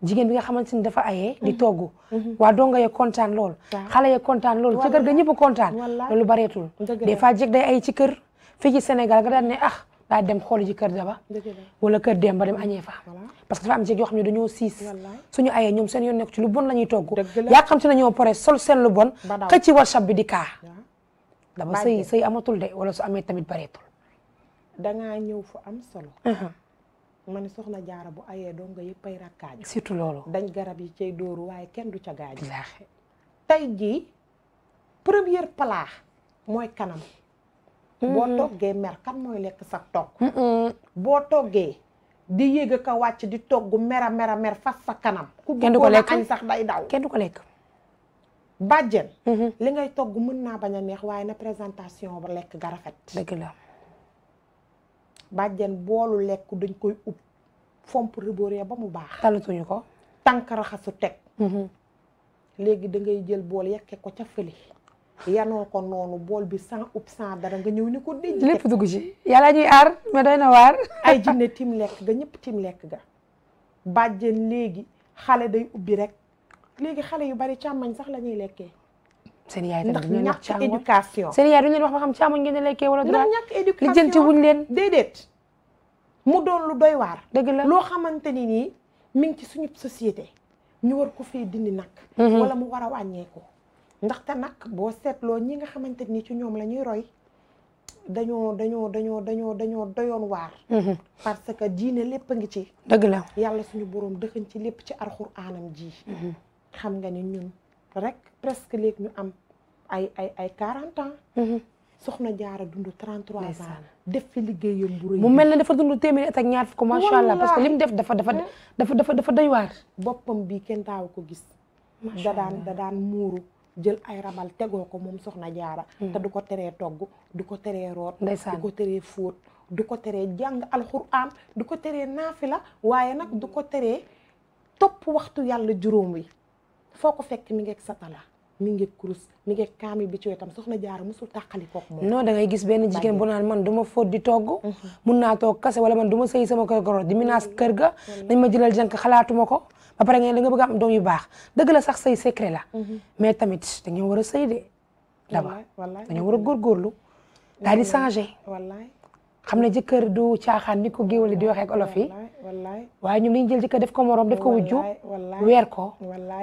S1: jigéen bi nga xamante ni dafa ayee di mm-hmm. togg mm-hmm. waa donga ya kontaan lool xale ya kontaan lool ca kër ga ñëpp kontaan loolu bareetul des fois jeg day ay ci kër fii ci senegal ga daan ne ah daa dem xool ji kër daba wala kër dem ba dem añee fa parce que dafa am jeg yoo xam ne dañoo siis suñu ayee ñoom seen yoon nekk ci lu bon la ñuy togg yaa xam te nañoo pare sol seen lu bon xëc ci WhatsApp bi di kaa daba sëy sëy amatul de wala su amee tamit bareetul dangaa ñëw fu am solo uh-huh. ma ne soxna jaara bu ayee doo nga yëppay rakkaaju surtout loolu dañ garab yi cee dóoru waaye kenn du ca gaaju tey jii première plat mooy kanam boo toggee mer kan mooy lekk sa togg boo toggee di yéeg a ko wàcc di togg mera mera mer fas sa kanam ku kenn du ko lekk añ sax day daw kenn du ko lekk bàjjen mm-hmm. li ngay togg mën naa bañ a neex waaye na présentation ba lekk garafet rafet bàjjen boolu lekk dañ koy ub fomp ribooree ba mu baax talatuñu ko tànk raxasu teg mhm. léegi da ngay jël bool yekke ko ca fële yanoo ko noonu bool bi sans ub sans dara nga ñëw ni ko déj lépp dugg ci yàlla ñuy aar mais doy na waar ay jinne tim lekk ga ñëpp tim lekk ga bàjjen léegi xale day ubbi rek léegi xale yu bari càmmañ sax la ñuy lekkee seen yaay tamit ñu ñàkk éducation seen yaay duñ leen wax ba xam càmmoñ ngeen di lekkee wala dara leen déedéet mu doon lu doy waar dëgg la loo xamante ni nii mi ngi ci suñu societé ñu war ko fee dindi nag mhm. wala mu war a wàññeeku ndaxte nag boo seetloo ñi nga xamante ni ci ñoom la ñuy roy dañoo dañoo dañoo dañoo dañoo doyoon waar mhm. parce que diine lépp a ngi ci dëgg la yàlla suñu boroom dëxañ ci lépp ci alxuraanam ji mhm. xam nga ni ñun rek presque léegi ñu am ay ay ay quarante ans. Mhm. soxna jaara dund 33 ans. def fi liggéeyam bu rëy. mu mel ne dafa dund téeméeri at ak ñaar fukk macha allah parce que lim def dafa dafa dafa dafa dafa doy waar. boppam bii kenn taaw ko gis. da daan da daan muuru jël ay rabal tegoo ko moom soxna jaara. Hmm. te du ko teree togg du ko teree root. du ko teree fóot du ko teree jàng alxuraan du ko teree naafila waaye nag du ko teree topp waxtu yàlla juróom wi. foo ko fekk mi ngeeg satala mi ngeeg kurus mi ngeeg kaami bi ci wetam soxna jaara musul tàqali kook moom non da ngay gis benn jigéen bu naan man du ma fóot di togg mhm. mun naa toog kase wala man du ma sëy sama kër goro di minaas mhm. kër ga mhm. nañ ma jëlal jànk xalaatuma ko ba da nga bëgg am doom yu baax dëgg la sax sëy secret la mais tamit dañoo war a sëy de daba dañoo war a góorgóorlu daal di changé wallaay xam ne jëkkër du caaxaan ni ko géwale di waxee ak olof yi waaye ñun li ñu jël jëkkër def ko morom def ko wujju weer ko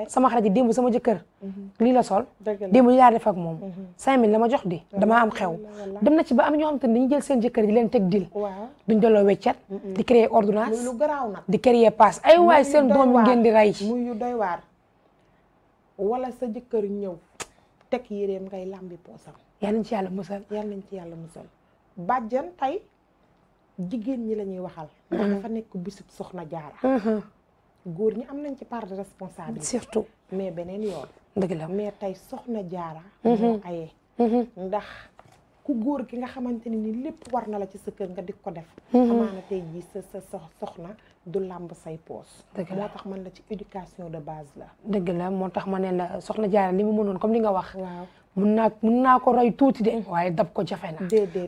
S1: sama xarit ji démb sama jëkkër mhm. lii la sol démb lii laa def ak moom mhm. cinq mille ma jox di dama am xew dem na ci ba am ñoo xam te ne dañuy jël seen jëkkër di leen teg dil duñ delloo weccat di créer ordonnance di kër yee passe ay waay seen doom yi ngeen di rey muy yu doy waar wala sa jëkkër ñëw teg yéreem ngay làmbi poosam yal nañ ci yàlla musal yal nañ ci yàlla musal bàjjan jigéen ñi la ñuy waxal. ndax mm-hmm. dafa nekk bisub soxna jaara. Mm-hmm. góor ñi am nañ ci part de responsabilité. surtout mais beneen yoon. dëgg la mais tey soxna jaara. Mm-hmm. moo aye. ndax ku góor ki nga xamante ne ni lépp war na la ci sa kër nga di ko def. amaana tey jii sa sa soxna du làmb say poos. dëgg la moo tax man la ci éducation de base la. dëgg la moo tax ma ne la soxna jaara li mu mënoon comme li nga wax. waaw mun naa mun naa ko roy tuuti de waaye dab ko jafe na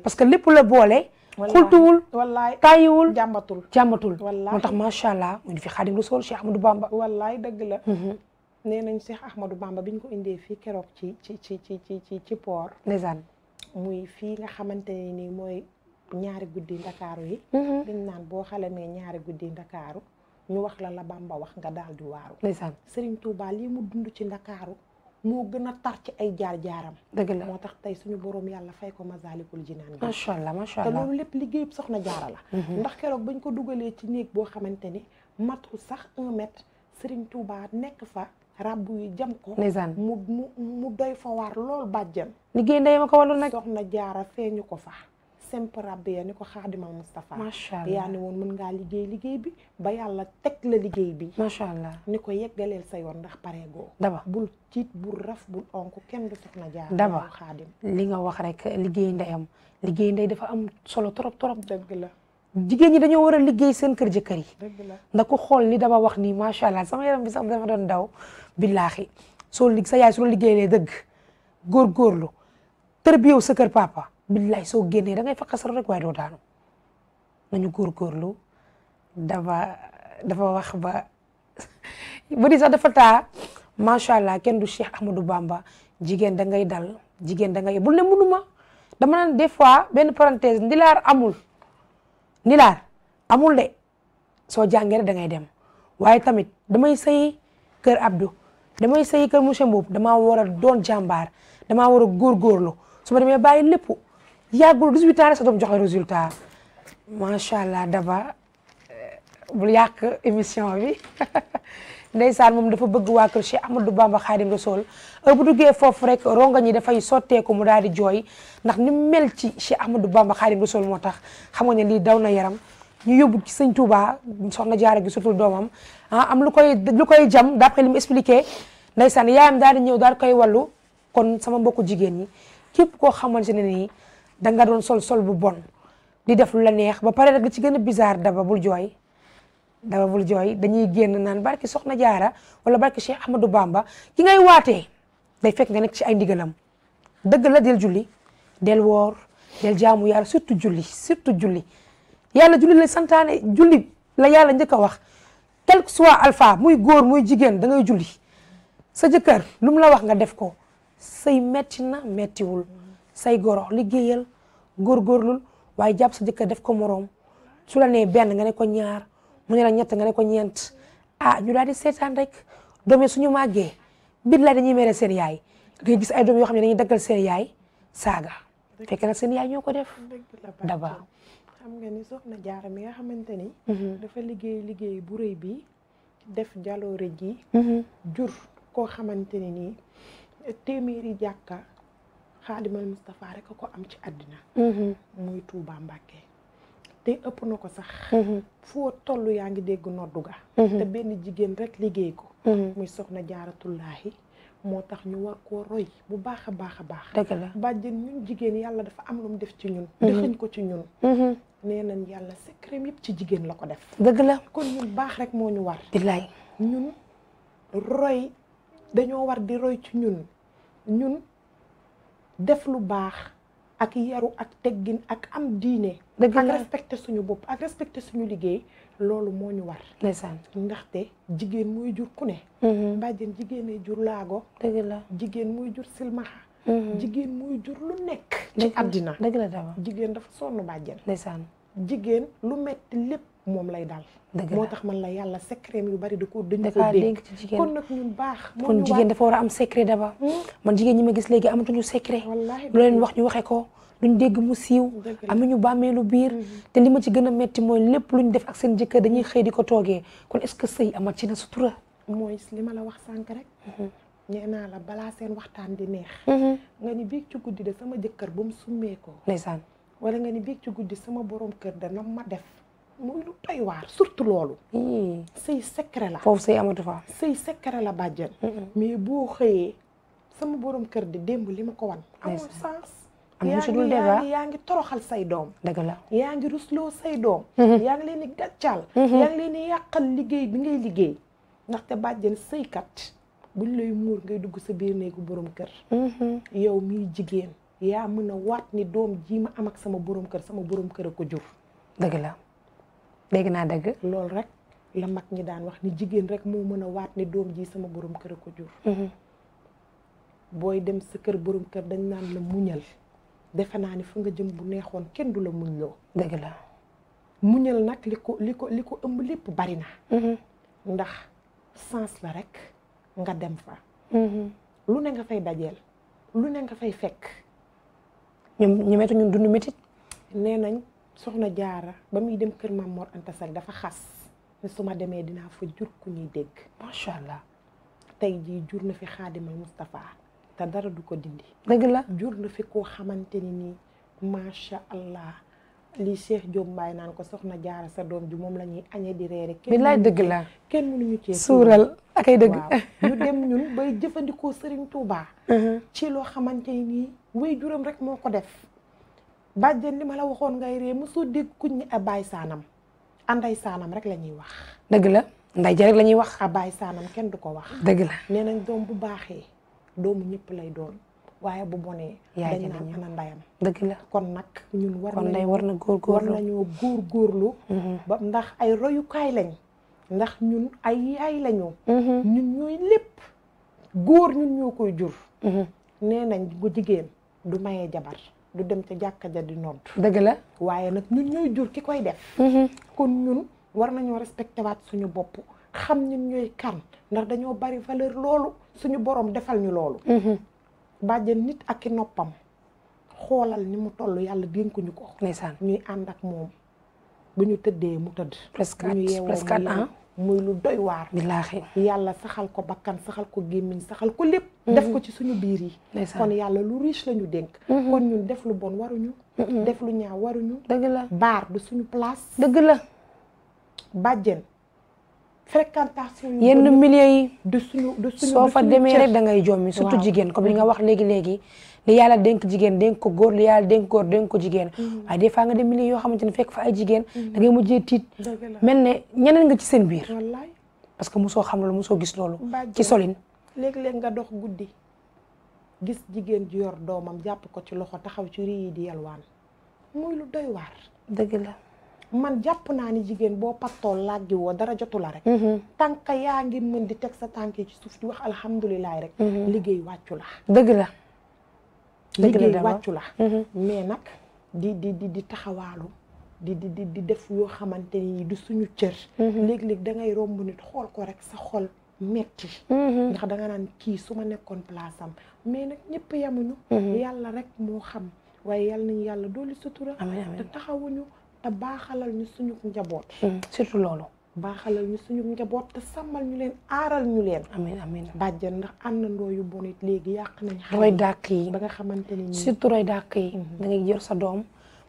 S1: parce que lépp la boole xultuwul wallaay tàyyiwul jàmbatul jàmbatul moo tax macha allah mu ngi fi xaadim rasul Cheikh Ahmadou Bamba wallaay dëgg la mm-hmm. nee nañ Cheikh Ahmadou Bamba biñ ko indee fii keroog ci ci ci ci ci ci ci port ndeysaan muy fii nga xamante ne nii mooy ñaari guddi ndakaaru yi dañ mm-hmm. naan boo xalamee ñaari guddi ndakaaru ñu wax la la Bamba wax nga daal di waaru ndeysaan Serigne Touba lii mu dund ci ndakaaru moo gën a tar ci ay jaar-jaaram. dëgg la moo tax tey suñu borom yàlla fay ko Masaalikul Jinaan. macha allah macha allah te loolu lépp liggéeyub soxna jaara la. Mhm. ndax keroog bañ ko dugalee ci néeg boo xamante ni matu sax un mètre Serigne Touba nekk fa ràbb yu jam ko. ndeysaan mu mu mu doy fa waar lool bàjjan. liggéey ndey ma ko walul nag. soxna jaara feeñu ko fa. simple rabia ni ko xaadimal Moustapha macha allah yaa ne woon mën ngaa liggéey liggéey bi ba yàlla teg la liggéey bi macha allah ni ko yeggaleel sa yoon ndax pare goo daba bul ciit bul raf bul onk kenn du soxna jaar daba xaadim li nga wax rek liggéey ndeyam liggéey ndey dafa am solo trop trop dëgg la jigéen ñi dañoo war a liggéey seen kër jëkkër yi nda ko xool ni daba wax nii macha allah sama yaram bi sax dafa doon daw billaahi soo sa yaay su liggéey lee dëgg góorgóorlu tërbiyew sa kër papa billaay soo génnee da ngay fa xasar rek waaye doo daanu nañu góorgóorlu dafa dafa wax ba bëri sax dafa taa macha allah kenn du Cheikh baam Bamba jigéen da ngay dal jigéen da ngay bul ne mënuma dama naan des fois benn parenthèse laar amul ndilaar amul de soo jàngee da ngay dem waaye tamit damay sëyi kër Abdou damay sëyi kër monsieur Mboup damaa war a doon jàmbaar damaa war a góorgóorlu su demee bàyyi lépp yàggul 18 ans sa doom joxe résultat macha allah daba eh, bu yàq émission bi ndeysaan moom dafa bëgg waa kër Cheikh Amadou Bamba Khadim Rasoul bu duggee foofu rek ronga ñi dafay sotteeku mu daal di jooy ndax ni mel ci Cheikh Amadou Bamba Khadim Rasoul moo tax xam nga ne lii daw na yaram ñu yóbbu ci sëñ Touba na jaar gi sutul doomam ah am lu koy lu koy jam d'après li mu expliqué ndeysaan yaayam daal di ñëw daal koy wallu kon sama mbokku jigéen ñi képp koo xamante ne nii danga doon sol sol bu bon di def lu la neex ba pare rek ci gën a bisaar daba bul jooy daba bul jooy dañuy génn naan barki Soxna Jaara wala barki Cheikh Ahmadou Bamba ki ngay waatee day fekk nga nekk ci ay ndigalam dëgg la del julli del woor del jaamu yàlla surtout julli surtout julli yàlla julli la santaane julli la yàlla njëkk wax quel que soit muy góor muy jigéen da ngay julli sa jëkkër lum la wax nga def ko sëy metti na mettiwul say goro liggéeyal góorgóorlul waaye jàpp sa jëkkër def ko moroom su la nee benn nga ne ko ñaar mu ne la ñett nga ne ko ñeent ah ñu daal di seetaan rek doom yi suñu màggee biir lay dañuy mere seen yaay ngay gis ay doom yoo ne dañuy daggal seen yaay saaga fekk na seen yaay ñoo ko def daba xam nga ni soxna mi nga xamante ni mhm. dafa liggéey liggéey bu rëy bi def jaloore ji mhm. jur koo xamante ni nii téeméeri jàkka xaadimal Moustapha rekk a ko am ci àddina mm-hmm. muy tuubaa Mbàkke te ëpp na ko sax mm-hmm. foo toll yaa ngi dégg noddu ga mm-hmm. te benn jigéen rek liggéey ko muy soxna jaaratullaahi moo tax ñu war ko roy bu baax a baax a baax dëgg la bàjjen ñun jigéen yàlla dafa am lu mu def ci ñun dëxëñ ko ci ñun nee nañ yàlla secret yëpp ci jigéen la ko def dëgg la kon ñun baax rek moo ñu war billaay ñun roy dañoo war di roy ci ñun ñun def lu baax ak yaru ak teggin ak am diine ak respecté suñu bopp ak respecté suñu liggéey loolu moo ñu war ndeysaan ndaxte jigéen mooy jur ku ne mbàjjen mm-hmm. jigéenee jur laago dëgg la jigéen mooy jur silmaxa mm-hmm. jigéen mooy jur lu nekk ci àddina dëgg la dama jigéen dafa sonn mbàjjen ndeysaan jigéen lu metti lépp moom lay dal. moo tax man la yàlla secret yu bari da koo dañ ko dénk kon nag ñun baax. kon jigéen dafa war a am secret hmm? man jigéen ñi ma gis léegi amatuñu secret. lu wax ñu waxe ko. duñ dégg mu siiw. amuñu bàmmeelu biir. Hmm. te li ma ci gën a metti mooy lépp luñ def ak seen jëkkër dañuy xëy di ko toogee kon est-ce que sëy ama ci na sutura. mooy li ma la wax sànq rek. Hmm. naa la balaa seen waxtaan di neex. nga ni biig ci guddi de sama jëkkër ba mu summee ko. ndeysaan wala nga ni biig ci guddi sama borom kër da nam ma def mooy lu doy surtout loolu. Hmm. sëy secret la. foofu sëy amatu fa. sëy secret la bàjjen. mais boo xëyee sama boroom kër di démb li ma ko wan. amul sens.
S2: am yaa
S1: ngi toroxal say doom. dëgg yaa ngi rusloo say doom. yaa leen di gàccaal. yaa liggéey bi ngay liggéey. ndaxte bàjjen sëykat buñ muur ngay dugg sa biir néegu borom kër. yow miy jigéen. yaa mën a wat ni doom ji ma am ak sama borom kër sama borom kër a ko jur. dëgg la. dégg naa dëgg. loolu rek la mag ñi daan wax ni jigéen rek moo mën a waat ni doom ji sama borom kër a ko jur. Mhm. booy dem sa kër borom kër dañ naan la muñal defe naa ni fu nga jëm bu neexoon kenn du la muñ loo. dëgg la muñal nag li ko li ko ëmb lépp bari na. Mhm. ndax sens la rekk nga dem fa. Mhm. lu ne nga fay dajeel lu ne nga fay fekk. ñoom ñemetu ñun dund métit nee nañ. soxna jaara ba muy dem kër ma Mor Anta dafa xas ne su ma demee dinaa fa jur ku ñuy dégg macha allah tey jii jur na fi xaadimal Moustapha te dara du ko dindi dëgg la jur na fi koo xamante ni nii macha allah li Cheikh Diop Mbaye naan ko soxna jaara sa doom ji moom la ñuy añee di reere kenn bilaay dëgg la kenn mënuñu cee suural ak ay dëgg ñu dem ñun bay jëfandikoo Serigne Touba uh-huh. ci loo xamante ni nii way juram rek moo ko def bàjjen li ma la waxoon ngay ree mosoo dégg kuñ a baay saanam anday saanam rek lañuy wax. dëgg la nday ja rek la ñuy wax. abaay saanam kenn du ko wax. dëgg la nee nañ doom bu baaxee doomu ñëpp lay doon waaye bu bonee. yaay dañ naan ana ndayam. kon nag ñun war war na góorgóorlu war nañoo góorgóorlu. Mm-hmm. ba ndax ay royukaay lañ. ndax ñun ay yaay lañu. Mm-hmm. ñun ñooy lépp. góor ñun ñoo koy jur. Mm-hmm. nee nañ bu jigéen du mayee jabar. du dem ca jàkka ja di nodd dëgg la waaye nag ñun ñooy jur ki koy def mm-hmm. kon ñun war nañoo respecté waat suñu bopp xam ñun ñooy kan ndax dañoo bari valeur loolu suñu borom defal ñu loolu mm-hmm. bàjjen nit ak noppam xoolal ni mu toll yàlla dénkuñu ko ndeysaan ñuy ànd ak moom bu ñu tëddee mu tëdd presque presque muy lu doy waar billaahi yàlla saxal ko bakkan saxal ko gémmiñ saxal ko lépp mhm. def ko ci suñu biir yi kon yàlla lu riche la ñu dénk mhm. kon ñun def lu bon waruñu mhm. def lu ñaaw waruñu dëgg la baar du suñu place dëgg la bàjjen fréquentation yi yenn milieu yi du suñu du suñu soo fa demee rek da ngay jommi surtout jigéen comme li nga wax léegi-léegi li yàlla dénk jigéen dénk ko góor li yàlla dénk góor dénk ko jigéen waaye mm. des fois nga dem milieu yoo xamante ni fekk fa ay jigéen mm. da ngay mujjee tiit mel ne ñeneen nga ci seen biir parce que mosoo xam loolu mosoo gis loolu ci solin léeg-léeg nga dox guddi gis jigéen ji yor doomam jàpp ko ci loxo taxaw ci rii yi di yalwaan muy lu doy waar dëgg la man jàpp naa ni jigéen boo pattoo laggi woo dara jotu la rek mm-hmm. tànk yaa ngi mën di teg sa tànk yi ci suuf di wax alhamdulilah rek mm-hmm. liggéey wàccu la dëgg liggéey wàccu la mm-hmm. mais nag di di di di taxawaalu di di di di def yoo xamante ni du suñu cër mm-hmm. léeg-léeg da ngay romb nit xool ko rek sa xol metti mm-hmm. ndax da naan kii su ma nekkoon place am mais nag ñëpp yemuñu yàlla rek moo xam waaye yàlla nañ yàlla dooli sutura te taxawuñu te baaxalal ñu suñu njaboot surtout loolu baaxalal ñu suñu njaboot te sàmmal ñu leen aaral ñu leen. amiin amiin bàjjan ndax àndandoo yu bon it léegi yàq nañ. roy dàq yi ba nga xamante ni surtout roy dàq yi. Mhm. da ngay jël sa doom.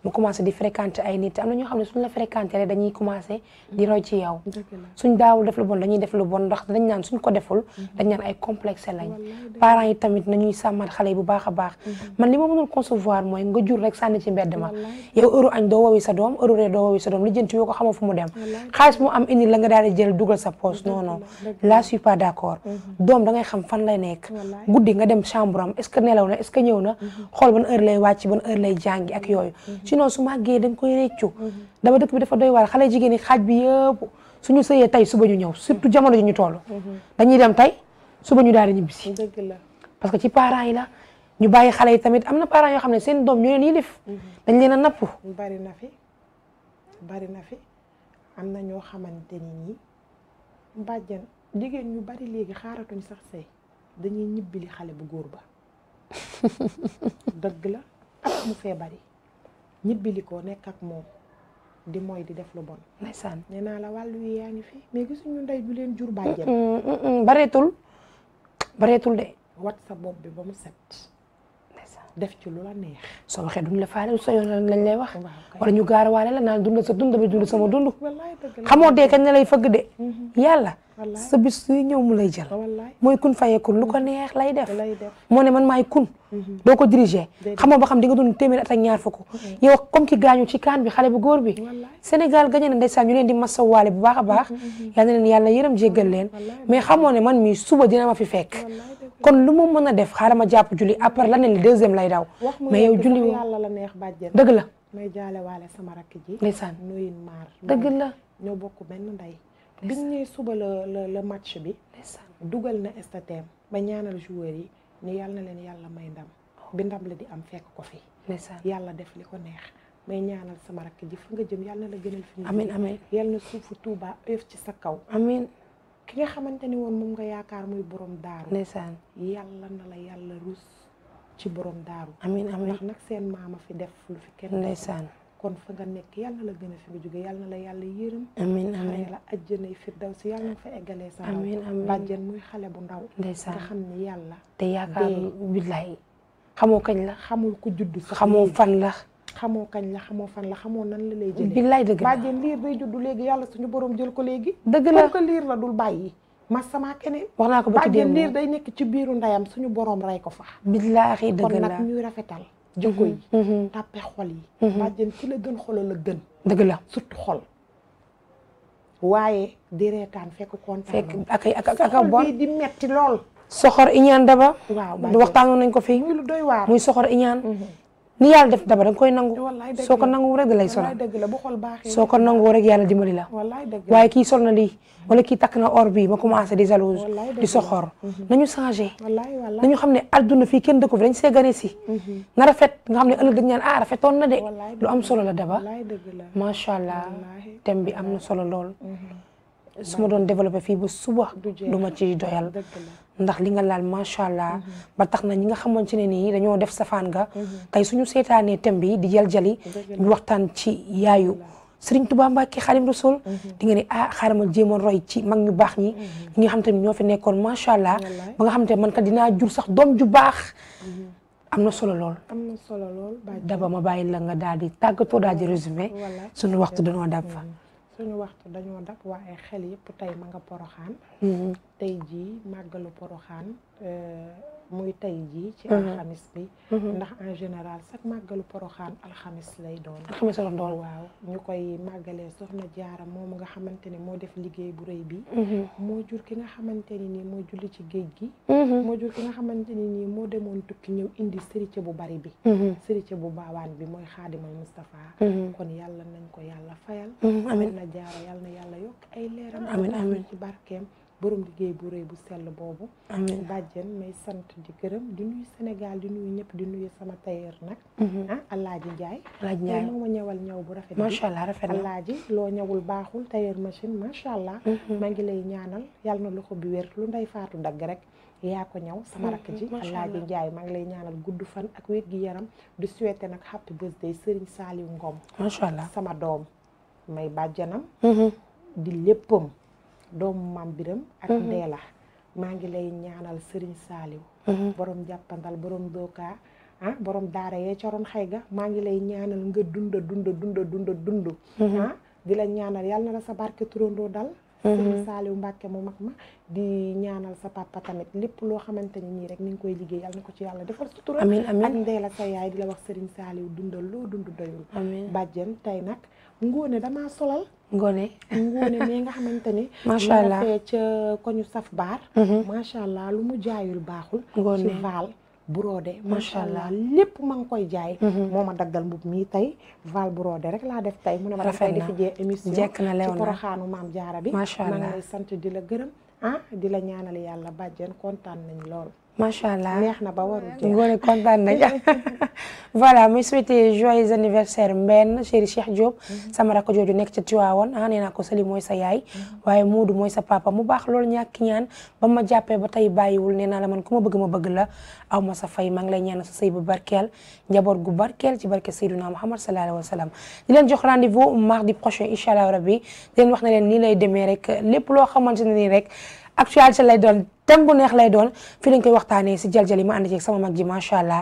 S1: mu commencé di fréquenter ay nit am na ñoo xam ne suñ la fréquenter dañuy commencé di mm-hmm. roy ci yow suñ daawul def lu bon dañuy def lu bon ndax dañ naan suñ ko deful mm-hmm. dañ naan ay complexe lañ parents bu baax a baax mm-hmm. man li ma mënul concevoir mooy nga jur rek sànni ci mbedd ma yow doom euro ree doo mu dem xaalis mu am indi la nga daal di jël dugal sa poche non non là suis pas d'accord xam fan lay nekk guddi nga dem chambre am est-ce que nelaw na est-ce que ñëw na xool ban heure lay wàcc ban heure lay jàngi ak yooyu sinon su màggee dañ koy réccu dama dëkk bi dafa doy waar xale jigéen ñi xaaj bi yëpp suñu sëyee tey suba ñu ñëw surtout jamono ji ñu toll dañuy dem tey suba ñu daal di ñibbisi dëgg la parce que ci parents yi la ñu bàyyi xale yi tamit am na parents yoo xam ne seen doom ñu leen yilif leen a napp bari na fi bari na fi am na ñoo xamante ni ñi mbàjjan jigéen ñu bari léegi xaaratuñ sax sëy dañuy ñibbili xale bu góor ba dëgg la ak mu fee ñibbili ko nekk ak moom di mooy di def lu bon. ndeysaan nee naa la wàllu yi yaa ngi fi mais gisuñu ndey bu leen jur bareetul bareetul de. wat sa bopp bi ba mu set. def ci lu la neex. soo waxee duñ la faale sa yoon lañ lay wax. wala ñu gaarawaale la naa dund sa dund bi dund sama dund. xamoo dee kañ ne lay fëgg de. Mm-hmm. yàlla. sa bis suy ñëw mu lay jël mooy kun fayekun lu ko neex lay def moo ne man maay kun mhm. doo ko diriger xamoo ba xam di nga doon téeméer at ak ñaar fukk yow comme ki gaañu ci kaan bi xale bu góor bi Sénégal gañe na ndeysaan ñu leen di waale bu baax a baax mhm, mhm, yal na leen yàlla yërëm jéggal leen mais xamoo ne man mii suba dina ma fi fekk kon lu mu mën a def xaaral ma jàpp julli après la ne li deuxième lay daw mais yow julli yàlla la neex bàjjen dëgg la may jaale waale sama rakk ji ndeysaan nuyin maar dëgg la ñoo bokk benn ndey biñ ne suba la la la match bi. dugal na statut ba ñaanal joueur yi ni yàlla na leen yàlla may ndam. bi ndam la di am fekk ko fi. yàlla def li ko neex. may ñaanal sama rakk ji fa nga jëm yàlla na la gënal fi. amiin amiin yàlla na suufu Tuuba ci sa kaw. amiin ki nga xamante ni woon moom nga yaakaar muy borom daaru. ndeysaan yàlla na la yàlla rus ci borom daaru. amiin amiin ndax nag seen maama fi def lu fi kenn. ndeysaan kon fa nekk yàlla na la gën a fi nga jóge yàlla na la yàlla yërëm. amiin la ajjanay firdawsi yàlla nga fa eggalee sa amiin amiin bàjjen muy xale bu ndaw ndeysaan nga xam ni yàlla te yaakaar billaay xamoo kañ la xamul ku judd xamoo fan la xamoo kañ la xamoo fan la xamoo nan la lay jëlee billaay dëgg la bàjjen liir day judd yàlla suñu borom jël ko léegi dëgg la liir la dul bàyyi ma sama keneen wax naa ko ba bàjjen liir day nekk ci biiru ndeyam suñu borom rey ko fa billaahi dëgg la ñuy rafetal jikko yi mm-hmm. Mm-hmm. tàppe xol yi mm-hmm. bàjjen ki la gën xolo la gën dëgg la surtout xol waaye di reetaan fekk kontaan fekk ak ak ak ak bon di metti lool soxor iñaan daba waaw waxtaanoon nañ ko fii muy lu doy waar muy soxor iñaan mhm. ni yàlla def daba da nga koy nangu soo ko nangu rek da lay sonal soo ko nangu rek yàlla dimbali la waaye kii sol na lii wala kii takk na or bi ma commencé di jalouse di soxor mhm. nañu changé nañu xam ne adduna fii kenn dëkku fi dañ see gane si mhm. na rafet nga xam ne ëllëg dañ naan ah rafetoon na de lu am solo la daba macha allah bi am na solo lool mhm. su ma doon développé fii ba suba du ma ci doyal ndax li nga laal macha allah mhm. ba tax na ñi nga xamante ne nii dañoo def safaan nga mhm. tey suñu seetaanee thème bi di jal-jali ñu waxtaan ci yaayu Sëriñ Tuubaa Mbàkke Xaadimu Rasuul mhm. di nga ne ah xaaral ma jéemoon roy ci mag ñu baax ñi ñi nga xam te ne ñoo fi nekkoon macha allah ba nga xam te ne man ka dinaa jur sax doom ju baax am na solo lool am na solo lool daba ma bàyyi la nga daal di tàggatoo daal di résumé suñu waxtu dañoo dab fa suñu waxtu dañoo dak waaye xel yëpp tey ma nga poroxaan mm-hmm. tey jii màggalu poroxaan euh, muy tey jii ci mhm. alxamis bi mhm. ndax en général chaque màggalu poroxaan alxamis lay doon alxamis la doon waaw ñu koy màggalee soxna jaara moom nga xamante ne moo def liggéey bu rëy bi mhm. moo jur ki nga xamante ni nii moo julli ci géej gi moo jur ki nga xamante ni nii moo demoon tukki ñëw indi sërice bu bari bi sërice bu baawaan bi mooy xaadimal Moustapha kon yàlla nañ ko yàlla fayal amiin na jaara yàlla na yàlla yokk ay ci barkeem borom liggéey bu rëy bu sell boobu. amiin bàjjen may sant di këram di nuyu Sénégal di nuyu ñëpp di nuyu sama tailleur nag. Mhm. ah Alaaji Ndiaye. moo ma ñëwal ñëw bu rafet. macha allah rafet na loo ñawul baaxul tailleur machine macha allah. Mhm. maa ngi lay ñaanal yàlla na loxo bi wér lu nday faatu dagg rek. yaa ko ñaw sama rakk ji mhm, Alaaji Njaay maa ngi lay ñaanal gudd fan ak wér gi yaram di souhaiter nag happy birthday Serigne Saliou Ngom macha allah sama doom may bàjjanam di léppam doomu maam biram ak mhm. ndeela maa ngi lay ñaanal Serigne Saliou mhm. borom jàppandal borom dookaa ah borom daara yee coroon xëy ga maa ngi lay ñaanal nga dunda dunda dunda dunda dund mhm. ah di la ñaanal yàlla na la sa barke turandoo dal Serigne Saliou Mbacke mu mag ma di ñaanal sa papa tamit lépp loo xamante ni nii rek ni ngi koy liggéey yàlla na ko ci yàlla defal sutura amiin amiin ak ndey sa yaay di la wax Serigne Saliou dundal loo dund doyul bàjjen tey nag Ngone dama solal. Ngone Ngone mais nga xamante ni. macha allah mu saf baar. macha allah lu mu jaayul baaxul. Ngone ci Vaal brodé. macha allah lépp ma ngi koy jaay. Mhm. moo ma daggal mbub mii tey Vaal brodé rek laa def tey. mu ne ma dafay defi jee émission jekk ci poroxaanu maam jaara bi. macha allah sant di la gërëm ah di la ñaanal yàlla bàjjen kontaan nañ lool. macha allah neex na ba warul jeex ngoone kontaan nañ voilà muy souhaité joyeux anniversaire mbenn chéri Cheikh Diop. Mhm. sama rakk jooju nekk ca Tiwaawan ah nee naa ko Sali mooy sa yaay. Mhm. waaye Moodu mooy sa papa mu baax loolu ñàkk ñaan ba ma jàppee ba tey bàyyiwul nee naa la man ku ma bëgg ma bëgg la aw ma sa fay maa ngi lay ñaanal sa sëy bu barkeel njaboot gu barkeel ci barke Seydina Muhammad sallallahu alayhi wa sa di leen jox rendez-vous mardi prochain incha allah rabbi di leen wax ne leen nii lay demee rek lépp loo xamante ne nii rek actualité lay doon. thème bu neex lay doon fii lañ koy waxtaanee si jaljali ma ànd ceeg sama mag ji macha allah.